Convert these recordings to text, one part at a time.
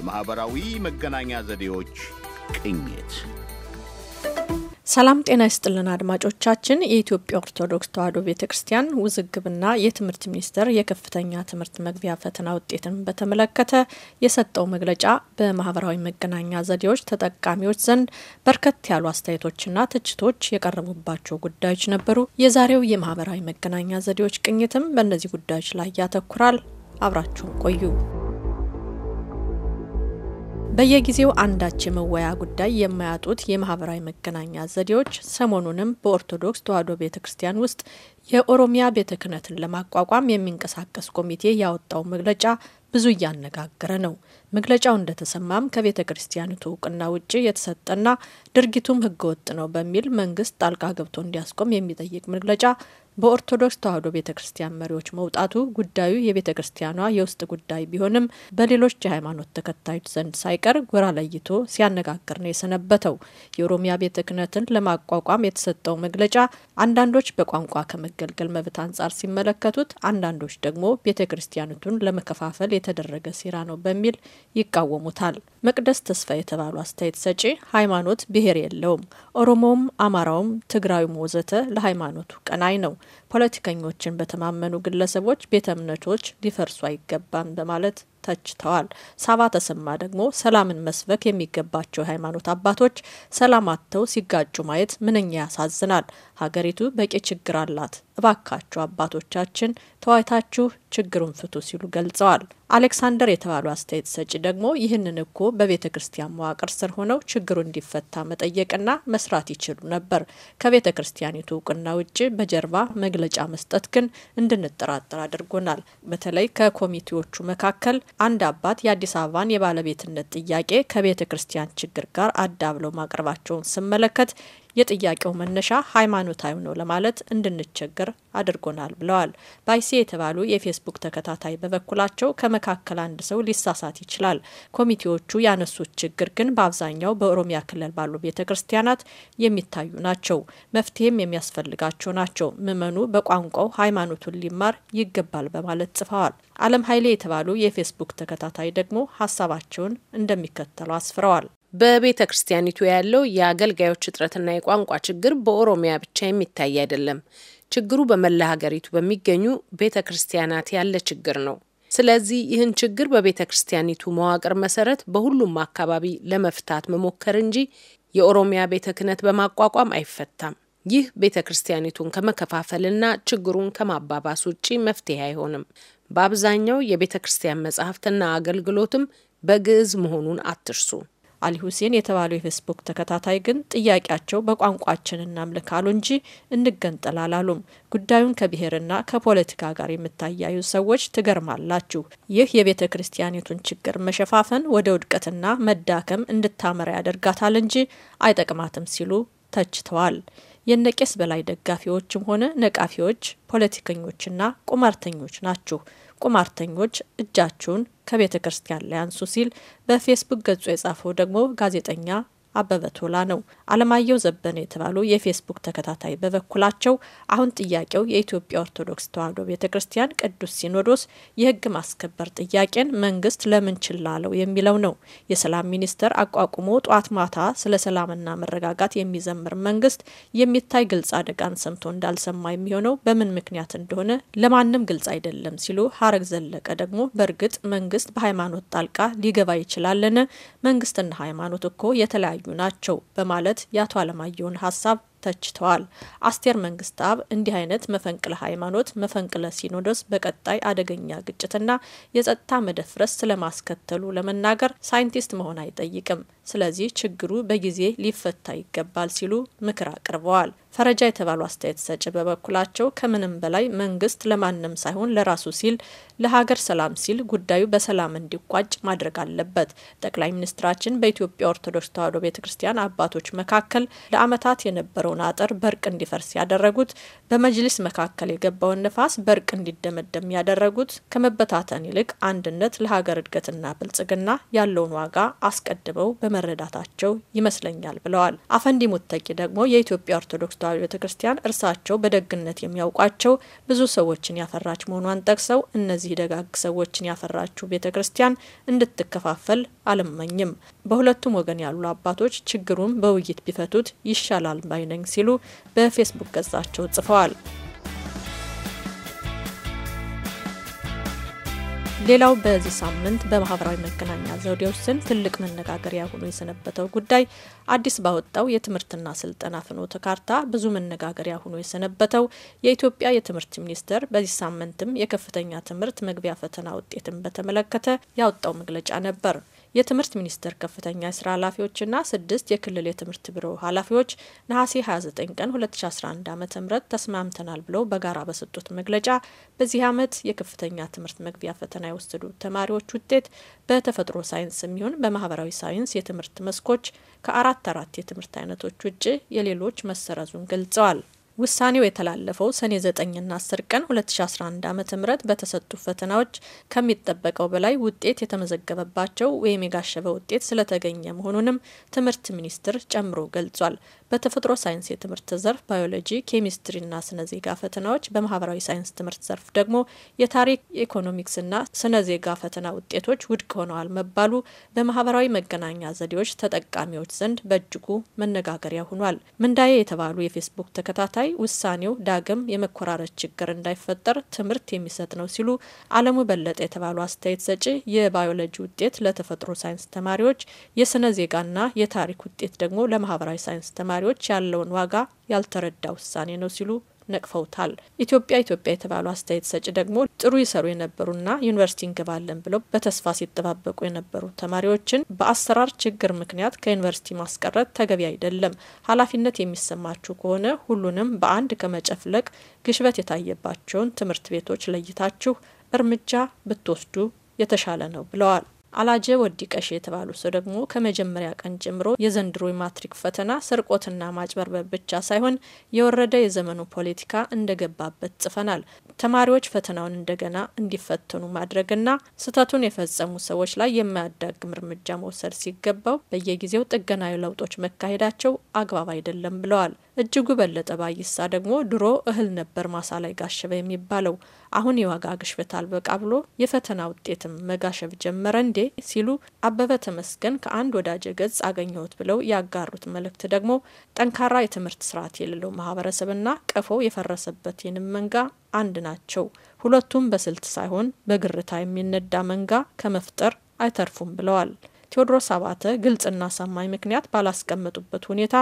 የማኅበራዊ መገናኛ ዘዴዎች ቅኝት። ሰላም ጤና ይስጥልን አድማጮቻችን። የኢትዮጵያ ኦርቶዶክስ ተዋሕዶ ቤተ ክርስቲያን ውዝግብና የትምህርት ሚኒስቴር የከፍተኛ ትምህርት መግቢያ ፈተና ውጤትን በተመለከተ የሰጠው መግለጫ በማህበራዊ መገናኛ ዘዴዎች ተጠቃሚዎች ዘንድ በርከት ያሉ አስተያየቶችና ትችቶች የቀረቡባቸው ጉዳዮች ነበሩ። የዛሬው የማህበራዊ መገናኛ ዘዴዎች ቅኝትም በእነዚህ ጉዳዮች ላይ ያተኩራል። አብራችሁን ቆዩ። በየጊዜው አንዳች የመወያ ጉዳይ የማያጡት የማህበራዊ መገናኛ ዘዴዎች ሰሞኑንም በኦርቶዶክስ ተዋሕዶ ቤተ ክርስቲያን ውስጥ የኦሮሚያ ቤተ ክህነትን ለማቋቋም የሚንቀሳቀስ ኮሚቴ ያወጣው መግለጫ ብዙ እያነጋገረ ነው። መግለጫው እንደተሰማም ከቤተ ክርስቲያኒቱ እውቅና ውጭ የተሰጠና ድርጊቱም ህገወጥ ነው በሚል መንግስት ጣልቃ ገብቶ እንዲያስቆም የሚጠይቅ መግለጫ በኦርቶዶክስ ተዋሕዶ ቤተ ክርስቲያን መሪዎች መውጣቱ ጉዳዩ የቤተ ክርስቲያኗ የውስጥ ጉዳይ ቢሆንም በሌሎች የሃይማኖት ተከታዮች ዘንድ ሳይቀር ጎራ ለይቶ ሲያነጋግር ነው የሰነበተው። የኦሮሚያ ቤተ ክህነትን ለማቋቋም የተሰጠው መግለጫ አንዳንዶች በቋንቋ ከመገልገል መብት አንጻር ሲመለከቱት፣ አንዳንዶች ደግሞ ቤተ ክርስቲያኒቱን ለመከፋፈል የተደረገ ሴራ ነው በሚል ይቃወሙታል። መቅደስ ተስፋ የተባሉ አስተያየት ሰጪ ሃይማኖት ብሔር የለውም፣ ኦሮሞውም፣ አማራውም፣ ትግራዊም ወዘተ ለሃይማኖቱ ቀናይ ነው። ፖለቲከኞችን በተማመኑ ግለሰቦች ቤተ እምነቶች ሊፈርሱ አይገባም በማለት ተችተዋል። ሳባ ተሰማ ደግሞ ሰላምን መስበክ የሚገባቸው የሃይማኖት አባቶች ሰላም አጥተው ሲጋጩ ማየት ምንኛ ያሳዝናል። ሀገሪቱ በቂ ችግር አላት። እባካችሁ አባቶቻችን ተዋይታችሁ ችግሩን ፍቱ ሲሉ ገልጸዋል። አሌክሳንደር የተባሉ አስተያየት ሰጪ ደግሞ ይህንን እኮ በቤተ ክርስቲያን መዋቅር ስር ሆነው ችግሩ እንዲፈታ መጠየቅና መስራት ይችሉ ነበር። ከቤተ ክርስቲያኒቱ እውቅና ውጭ በጀርባ መግለጫ መስጠት ግን እንድንጠራጠር አድርጎናል። በተለይ ከኮሚቴዎቹ መካከል አንድ አባት የአዲስ አበባን የባለቤትነት ጥያቄ ከቤተ ክርስቲያን ችግር ጋር አዳብለው ማቅረባቸውን ስመለከት የጥያቄው መነሻ ሃይማኖታዊ ነው ለማለት እንድንቸገር አድርጎናል ብለዋል። ባይሴ የተባሉ የፌስቡክ ተከታታይ በበኩላቸው ከመካከል አንድ ሰው ሊሳሳት ይችላል። ኮሚቴዎቹ ያነሱት ችግር ግን በአብዛኛው በኦሮሚያ ክልል ባሉ ቤተ ክርስቲያናት የሚታዩ ናቸው፣ መፍትሄም የሚያስፈልጋቸው ናቸው። ምዕመኑ በቋንቋው ሃይማኖቱን ሊማር ይገባል በማለት ጽፈዋል። አለም ኃይሌ የተባሉ የፌስቡክ ተከታታይ ደግሞ ሀሳባቸውን እንደሚከተሉ አስፍረዋል። በቤተ ክርስቲያኒቱ ያለው የአገልጋዮች እጥረትና የቋንቋ ችግር በኦሮሚያ ብቻ የሚታይ አይደለም። ችግሩ በመላ ሀገሪቱ በሚገኙ ቤተ ክርስቲያናት ያለ ችግር ነው። ስለዚህ ይህን ችግር በቤተ ክርስቲያኒቱ መዋቅር መሰረት በሁሉም አካባቢ ለመፍታት መሞከር እንጂ የኦሮሚያ ቤተ ክህነት በማቋቋም አይፈታም። ይህ ቤተ ክርስቲያኒቱን ከመከፋፈልና ችግሩን ከማባባስ ውጪ መፍትሄ አይሆንም። በአብዛኛው የቤተ ክርስቲያን መጽሐፍትና አገልግሎትም በግዕዝ መሆኑን አትርሱ። አሊ ሁሴን የተባለው የፌስቡክ ተከታታይ ግን ጥያቄያቸው በቋንቋችን እናምልካሉ እንጂ እንገንጠል አላሉም። ጉዳዩን ከብሔርና ከፖለቲካ ጋር የምታያዩ ሰዎች ትገርማላችሁ። ይህ የቤተ ክርስቲያኒቱን ችግር መሸፋፈን ወደ ውድቀትና መዳከም እንድታመራ ያደርጋታል እንጂ አይጠቅማትም ሲሉ ተችተዋል። የነቄስ በላይ ደጋፊዎችም ሆነ ነቃፊዎች ፖለቲከኞችና ቁማርተኞች ናችሁ። ቁማርተኞች እጃችሁን ከቤተ ክርስቲያን ላይ አንሱ ሲል በፌስቡክ ገጹ የጻፈው ደግሞ ጋዜጠኛ አበበ ቶላ ነው። አለማየሁ ዘበነ የተባሉ የፌስቡክ ተከታታይ በበኩላቸው አሁን ጥያቄው የኢትዮጵያ ኦርቶዶክስ ተዋሕዶ ቤተ ክርስቲያን ቅዱስ ሲኖዶስ የሕግ ማስከበር ጥያቄን መንግስት ለምን ችላ አለው የሚለው ነው። የሰላም ሚኒስቴር አቋቁሞ ጧት ማታ ስለ ሰላምና መረጋጋት የሚዘምር መንግስት የሚታይ ግልጽ አደጋን ሰምቶ እንዳልሰማ የሚሆነው በምን ምክንያት እንደሆነ ለማንም ግልጽ አይደለም ሲሉ ሀረግ ዘለቀ ደግሞ በእርግጥ መንግስት በሃይማኖት ጣልቃ ሊገባ ይችላልን? መንግስትና ሃይማኖት እኮ የተለያዩ ናቸው በማለት የአቶ አለማየሁን ሀሳብ ተችተዋል። አስቴር መንግስታብ እንዲህ አይነት መፈንቅለ ሃይማኖት፣ መፈንቅለ ሲኖዶስ በቀጣይ አደገኛ ግጭትና የጸጥታ መደፍረስ ስለማስከተሉ ለመናገር ሳይንቲስት መሆን አይጠይቅም። ስለዚህ ችግሩ በጊዜ ሊፈታ ይገባል ሲሉ ምክር አቅርበዋል። ፈረጃ የተባሉ አስተያየት ሰጭ በበኩላቸው ከምንም በላይ መንግስት ለማንም ሳይሆን ለራሱ ሲል ለሀገር ሰላም ሲል ጉዳዩ በሰላም እንዲቋጭ ማድረግ አለበት። ጠቅላይ ሚኒስትራችን በኢትዮጵያ ኦርቶዶክስ ተዋሕዶ ቤተ ክርስቲያን አባቶች መካከል ለዓመታት የነበረው የነበረውን አጥር በርቅ እንዲፈርስ ያደረጉት፣ በመጅሊስ መካከል የገባውን ንፋስ በርቅ እንዲደመደም ያደረጉት፣ ከመበታተን ይልቅ አንድነት ለሀገር እድገትና ብልጽግና ያለውን ዋጋ አስቀድመው በመረዳታቸው ይመስለኛል ብለዋል። አፈንዲ ሙተቂ ደግሞ የኢትዮጵያ ኦርቶዶክስ ተዋሕዶ ቤተ ክርስቲያን እርሳቸው በደግነት የሚያውቋቸው ብዙ ሰዎችን ያፈራች መሆኗን ጠቅሰው እነዚህ ደጋግ ሰዎችን ያፈራችው ቤተ ክርስቲያን እንድትከፋፈል አልመኝም። በሁለቱም ወገን ያሉ አባቶች ችግሩን በውይይት ቢፈቱት ይሻላል ባይነኝ ነኝ ሲሉ በፌስቡክ ገጻቸው ጽፈዋል። ሌላው በዚህ ሳምንት በማህበራዊ መገናኛ ዘውዴዎች ዘንድ ትልቅ መነጋገሪያ ሆኖ የሰነበተው ጉዳይ አዲስ ባወጣው የትምህርትና ስልጠና ፍኖተ ካርታ ብዙ መነጋገሪያ ሆኖ የሰነበተው የኢትዮጵያ የትምህርት ሚኒስቴር በዚህ ሳምንትም የከፍተኛ ትምህርት መግቢያ ፈተና ውጤትን በተመለከተ ያወጣው መግለጫ ነበር። የትምህርት ሚኒስቴር ከፍተኛ የስራ ኃላፊዎችና ስድስት የክልል የትምህርት ቢሮ ኃላፊዎች ነሐሴ 29 ቀን 2011 ዓ ም ተስማምተናል ብለው በጋራ በሰጡት መግለጫ በዚህ ዓመት የከፍተኛ ትምህርት መግቢያ ፈተና የወሰዱ ተማሪዎች ውጤት በተፈጥሮ ሳይንስ የሚሆን በማህበራዊ ሳይንስ የትምህርት መስኮች ከአራት አራት የትምህርት አይነቶች ውጭ የሌሎች መሰረዙን ገልጸዋል። ውሳኔው የተላለፈው ሰኔ 9ና 10 ቀን 2011 ዓ ም በተሰጡ ፈተናዎች ከሚጠበቀው በላይ ውጤት የተመዘገበባቸው ወይም የጋሸበ ውጤት ስለተገኘ መሆኑንም ትምህርት ሚኒስቴር ጨምሮ ገልጿል። በተፈጥሮ ሳይንስ የትምህርት ዘርፍ ባዮሎጂ፣ ኬሚስትሪና ስነ ዜጋ ፈተናዎች፣ በማህበራዊ ሳይንስ ትምህርት ዘርፍ ደግሞ የታሪክ ኢኮኖሚክስና ስነ ዜጋ ፈተና ውጤቶች ውድቅ ሆነዋል መባሉ በማህበራዊ መገናኛ ዘዴዎች ተጠቃሚዎች ዘንድ በእጅጉ መነጋገሪያ ሆኗል። ምንዳዬ የተባሉ የፌስቡክ ተከታታይ ላይ ውሳኔው ዳግም የመኮራረስ ችግር እንዳይፈጠር ትምህርት የሚሰጥ ነው ሲሉ አለሙ በለጠ የተባሉ አስተያየት ሰጪ የባዮሎጂ ውጤት ለተፈጥሮ ሳይንስ ተማሪዎች፣ የስነ ዜጋና የታሪክ ውጤት ደግሞ ለማህበራዊ ሳይንስ ተማሪዎች ያለውን ዋጋ ያልተረዳ ውሳኔ ነው ሲሉ ነቅፈውታል። ኢትዮጵያ ኢትዮጵያ የተባሉ አስተያየት ሰጪ ደግሞ ጥሩ ይሰሩ የነበሩና ዩኒቨርሲቲ እንገባለን ብለው በተስፋ ሲጠባበቁ የነበሩ ተማሪዎችን በአሰራር ችግር ምክንያት ከዩኒቨርሲቲ ማስቀረት ተገቢ አይደለም። ኃላፊነት የሚሰማችሁ ከሆነ ሁሉንም በአንድ ከመጨፍለቅ ግሽበት የታየባቸውን ትምህርት ቤቶች ለይታችሁ እርምጃ ብትወስዱ የተሻለ ነው ብለዋል። አላጀ ወዲቀሽ የተባሉ ሰው ደግሞ ከመጀመሪያ ቀን ጀምሮ የዘንድሮ የማትሪክ ፈተና ስርቆትና ማጭበርበር ብቻ ሳይሆን የወረደ የዘመኑ ፖለቲካ እንደገባበት ጽፈናል። ተማሪዎች ፈተናውን እንደገና እንዲፈተኑ ማድረግና ስህተቱን የፈጸሙ ሰዎች ላይ የማያዳግም እርምጃ መውሰድ ሲገባው በየጊዜው ጥገናዊ ለውጦች መካሄዳቸው አግባብ አይደለም ብለዋል። እጅጉ በለጠ ባይሳ ደግሞ ድሮ እህል ነበር ማሳ ላይ ጋሸበ የሚባለው አሁን የዋጋ ግሽበት አልበቃ ብሎ የፈተና ውጤትም መጋሸብ ጀመረ እንዴ ሲሉ አበበ ተመስገን ከአንድ ወዳጅ ገጽ አገኘሁት ብለው ያጋሩት መልእክት ደግሞ ጠንካራ የትምህርት ስርዓት የሌለው ማህበረሰብና ቀፎ የፈረሰበት የንብ መንጋ አንድ ናቸው። ሁለቱም በስልት ሳይሆን በግርታ የሚነዳ መንጋ ከመፍጠር አይተርፉም ብለዋል። ቴዎድሮስ አባተ ግልጽና አሳማኝ ምክንያት ባላስቀመጡበት ሁኔታ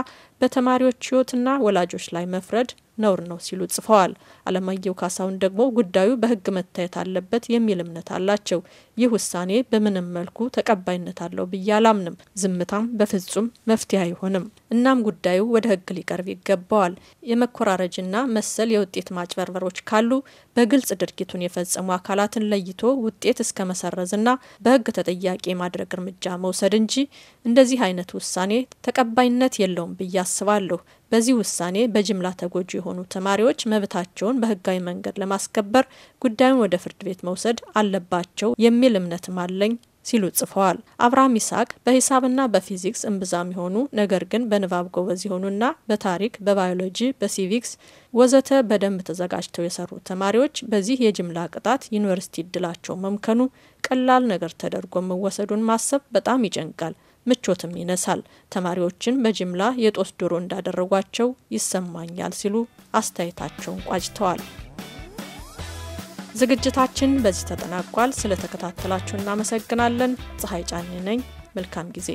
በተማሪዎች ህይወትና ወላጆች ላይ መፍረድ ነውር ነው ሲሉ ጽፈዋል። አለማየሁ ካሳሁን ደግሞ ጉዳዩ በህግ መታየት አለበት የሚል እምነት አላቸው። ይህ ውሳኔ በምንም መልኩ ተቀባይነት አለው ብዬ አላምንም። ዝምታም በፍጹም መፍትሄ አይሆንም። እናም ጉዳዩ ወደ ህግ ሊቀርብ ይገባዋል። የመኮራረጅና መሰል የውጤት ማጭበርበሮች ካሉ በግልጽ ድርጊቱን የፈጸሙ አካላትን ለይቶ ውጤት እስከ መሰረዝና በህግ ተጠያቂ የማድረግ እርምጃ መውሰድ እንጂ እንደዚህ አይነት ውሳኔ ተቀባይነት የለውም ብዬ አስባለሁ። በዚህ ውሳኔ በጅምላ ተጎጂ የሆኑ ተማሪዎች መብታቸውን በህጋዊ መንገድ ለማስከበር ጉዳዩን ወደ ፍርድ ቤት መውሰድ አለባቸው የሚል እምነትም አለኝ ሲሉ ጽፈዋል። አብርሃም ይስሐቅ በሂሳብና በፊዚክስ እምብዛም የሆኑ ነገር ግን በንባብ ጎበዝ የሆኑና በታሪክ፣ በባዮሎጂ፣ በሲቪክስ ወዘተ በደንብ ተዘጋጅተው የሰሩ ተማሪዎች በዚህ የጅምላ ቅጣት ዩኒቨርሲቲ እድላቸው መምከኑ ቀላል ነገር ተደርጎ መወሰዱን ማሰብ በጣም ይጨንቃል። ምቾትም ይነሳል። ተማሪዎችን በጅምላ የጦስ ዶሮ እንዳደረጓቸው ይሰማኛል ሲሉ አስተያየታቸውን ቋጭተዋል። ዝግጅታችን በዚህ ተጠናቋል። ስለተከታተላችሁ እናመሰግናለን። ፀሐይ ጫኔ ነኝ። መልካም ጊዜ